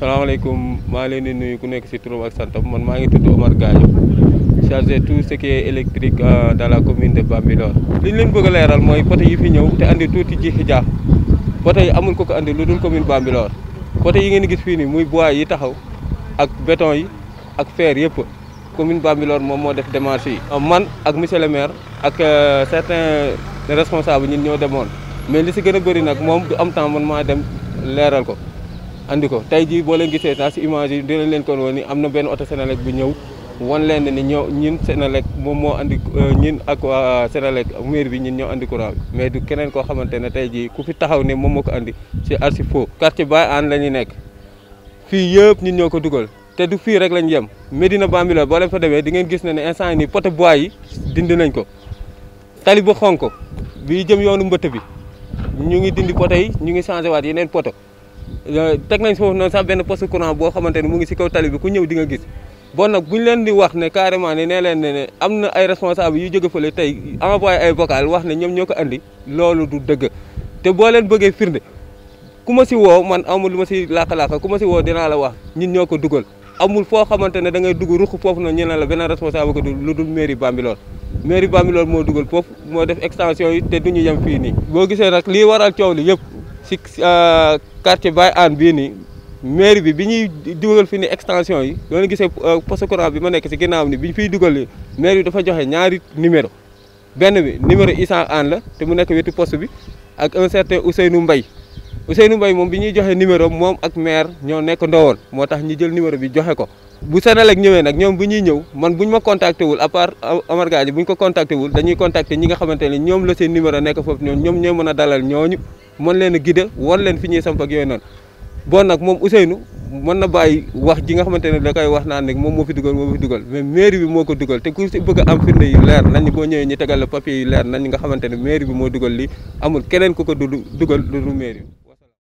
salaamaaleykum maa leen di nuyu ku nekk ci turam ak santam man maa ngi tudd Omar Gadio chargé tout ce qui est électrique euh, dans la commune de Bambilor li ñu leen bëgg a leeral mooy poteau yi fi ñëw te andi tuuti ji xija poteau yi amul ko ko andi lu dul commune Bambilor poteau yi ngeen gis fii nii muy bois yi taxaw ak béton yi ak fer yëpp commune Bambilor moom moo def démarche yi euh, man ak monsieur le maire ak euh, certains responsables ñun ñoo demoon mais li si gën a bëri nag moom du am temps man maa dem leeral ko andi ko tey jii boo leen gisee sax si image yi dinañ leen kon woon ni am na benn oto Senelec bu ñëw wan leen ni ñoo ñin Senelec moom moo indi euh, ñin ak waa Senelec maire bi ñin ñëw indi courant mais du keneen koo xamante ne tey ku fi taxaw ni moom moo ko andi si archi faux quartier Baye Anne la ñuy nekk fii yëpp ñun ñëw ko dugal te du fii rek lañ yem Medina Bambilor boo leen fa demee di ngeen gis ne ne instant yi nii poteau bois yi dindi nañ ko tali bu xonk bi jëm yoonu mbëtt bi ñu ngi dindi poteau ñu ngi changé yeneen poteau teg nañ foofu noonu sax benn poste courant boo xamante ne mu ngi si kaw tali bi ku ñëw di nga gis bon nag bu ñu leen di wax ne carrément ne nee leen ne ne am na ay responsable yu jóge fële tey envoyé ay wax ne ñoom ñoo ko andi loolu du dëgg te boo leen bëggee firnde ku ma si woo man amul lu ma si làkk ku ma si woo dinaa la wax ñun ñoo ko dugal amul foo xamante ne da ngay dugg ruq foofu noonu ñu ne la benn responsable ko du lu dul mairie Bambilor mairie Bambilor moo dugal foofu moo def extension yi te du ñu yem fii nii boo gisee nag lii waral coow li yëpp si euh, quartier Baye Anne bii ni mairie bi bi ñuy dugal fi ni extension yi doona gisee euh, poste courant bi ma nekk si ginnaaw ni bi ñu fiy dugal nii maire bi dafa joxe ñaari numéro benn bi numéro Issa Anne la te mu nekk wetu post bi ak un certain Ousseynou Mbaye Ousseynou mbay moom bi ñuy joxe numéro moom ak maire ñoo nekk ndowoon moo tax ñu jël numéro bi joxe ko bu Senelec ñëwee nag ñoom bu ñuy ñëw man bu ñu ma contacté wul à part Omar bu ñu ko contacté wul dañuy contacté ñi nga xamante ne ñoom la seen numéro nekk foofu ñoom ñoom ñooy mën a dalal ñooñu mën leen a guider wan leen fi ñuy samp ak yooyu noonu bon nag moom Ousseynou mën na bàyyi wax ji nga xamante ne da koy wax naan ne moom moo fi dugal moo dugal mais mairie bi moo ko dugal te ku si bëgg a am firnde yu leer nañ boo ñëwee ñu tegale la papier yu leer nañ nga xamante ne mairie bi moo dugal li amul keneen ku ko du dugal lu mairie bi